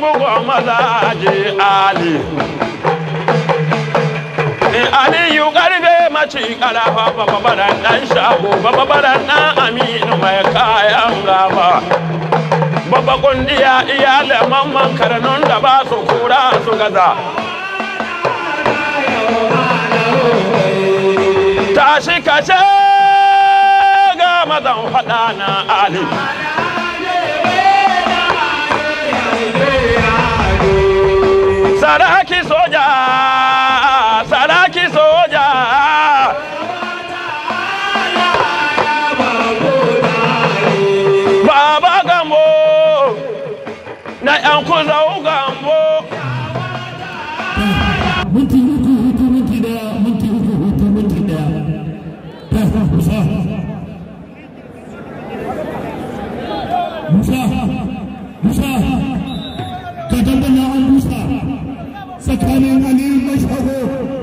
bugu mazaje ali aliyu karfe maci karafa babaran dan shago babaran dan aminu mai kayan gaba babba kundiya iyalin mamman karnun da ba su kura su gaza tashi kashe ga mazan faɗa na ali saraki soja saraki soja baba gambo na yan kuzau gambo Musa, Musa, ka tambana an Kutlamayanlar neyin başkası?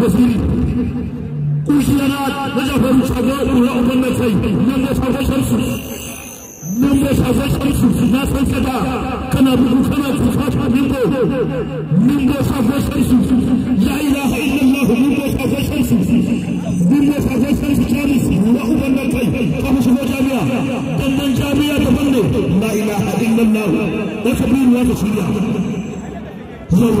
ወሲል ቁሽለናት ለጃፈሩ ሻገሩ ለኡመነሰይ ነሞሳፈ ሸርሱ ነሞሳፈ ሸርሱ ናሰንሰዳ ከና ብዙ ከና ፉፋታ ንጎ ነሞሳፈ ሸርሱ ላኢላሃ ኢለላሁ ነሞሳፈ ሸርሱ ነሞሳፈ ሸርሱ ቻሪስ ለኡመነሰይ ከሙስሎ ጃሚያ ደንደን ጃሚያ ተፈነ ላኢላሃ ኢለላሁ ወተቢል ወተሽያ ዘላ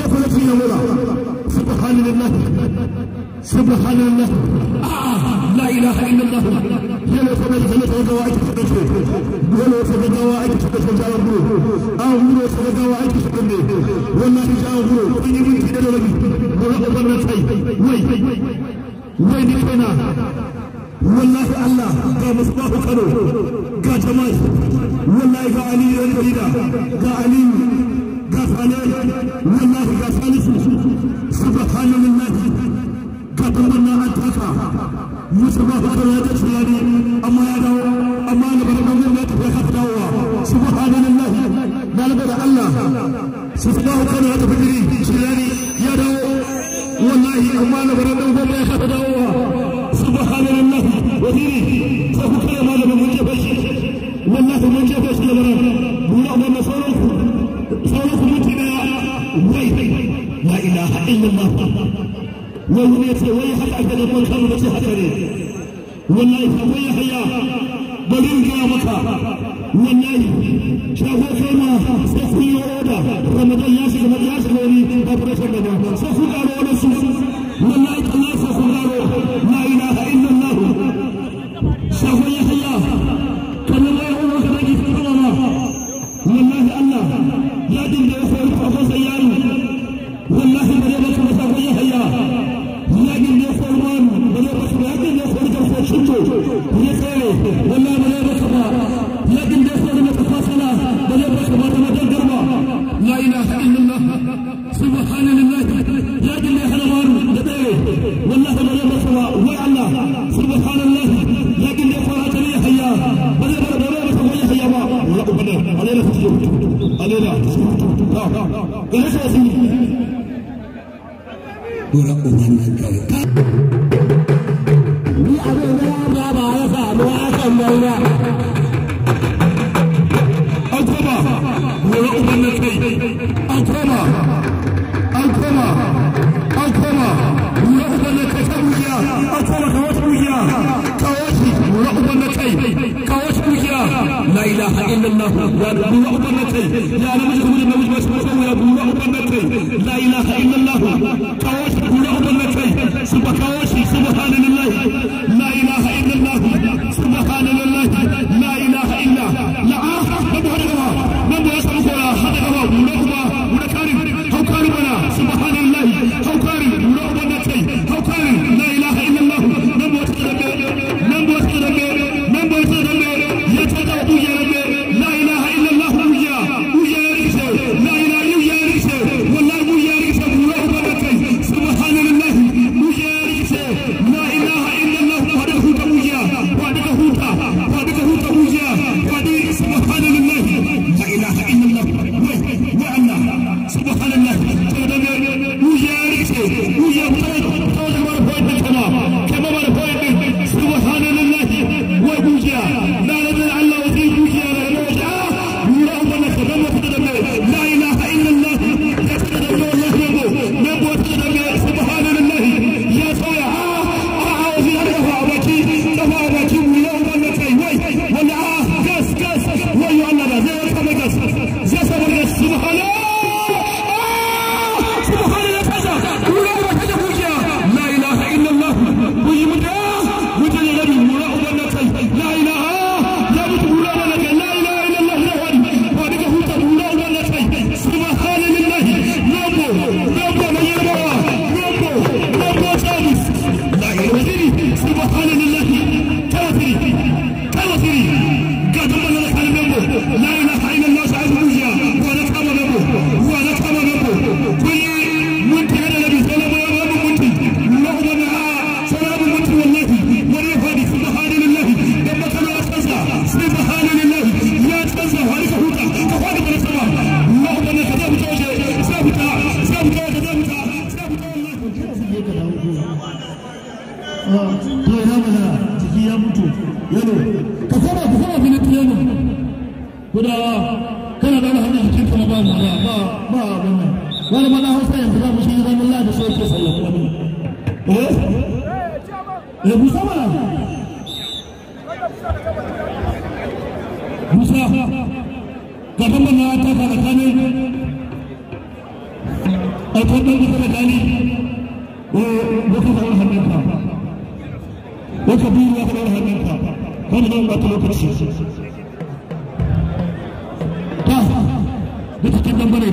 سبحان الله سبحان الله آه لا إله إلا الله يلو فبدا فبدا وعيك فبدا يلو فبدا وعيك فبدا جاوب آه يلو فبدا وعيك فبدا والله جاوب إن يمكن أن يلو ولا أبغى نسي وي وي نكنا wallahi Allah ga musbahu Kano ga Jamal wallahi ga Ali Yarida ga Ali ga Saleh wallahi ga Salisu subhanallahi ga tamanna ataka musbahu Kano ya tsari amma ya dawo amma na barkan gwamnati ya ka dawowa subhanallahi dalaba Allah subbahu Kano ya tafi shirani ya dawo wallahi amma na barkan gwamnati ya ka dawo وزيري خافوا كلام هذا من منجفش والناس منجفش كبرى بولا من صاروا صاروا متنا وي لا إله إلا الله ووليت وي حتى أكد أقول خلوا بس حسني والله وي حيا بدين كلامك والله شافوا كما سفي ورودا رمضان ياشي رمضان ياشي مولي أبرشة كما سفوا كما والله سفوا والله الله سفوا لا إله إلا الله Es así. Dora umarnin kyauta. Ni abin da ya ba ya samu hakan bai الا الله يا رب عبدتي يا رب شغل ما مش مسوي يا رب عبدتي لا اله الا الله كواش كل عبدتي سبحانك سبحان الله لا اله الا الله سبحان الله لا اله الا لا اله الا الله ما بس هذا هو to yalo ka koma ka koma fili yalo guda kana da wani hanyar cikin kuma ba mu ba ba ba wannan wani mana hausa yanzu za mu shi zaman lafiya sai ke sallah kuma eh eh musa ba musa gaban mana ta fara kane a kudin da ta kane eh baka da wani hanyar ko ya fara hannunka wani zan wata lokaci ta likitan dambare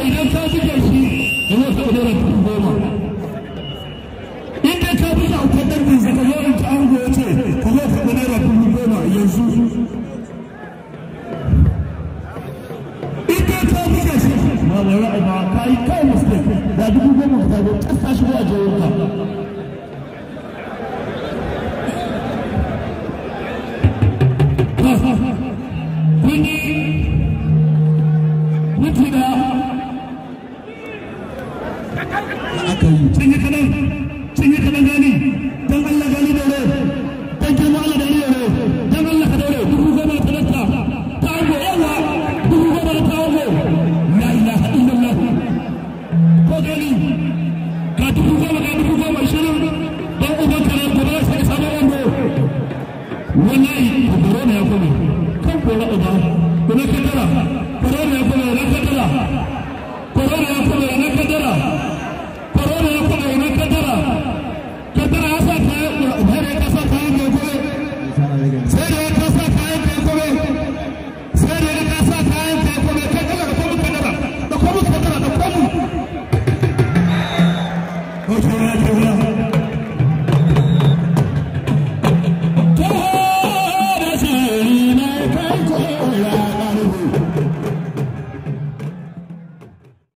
idan ka fi ƙarfi da zai ka ɗora dubu goma inda ka fi autar darbin zaka zo in ta an goya wallahi da corona ya kome kan kora uba na kadara corona ya kome na kadara corona ya kome na kadara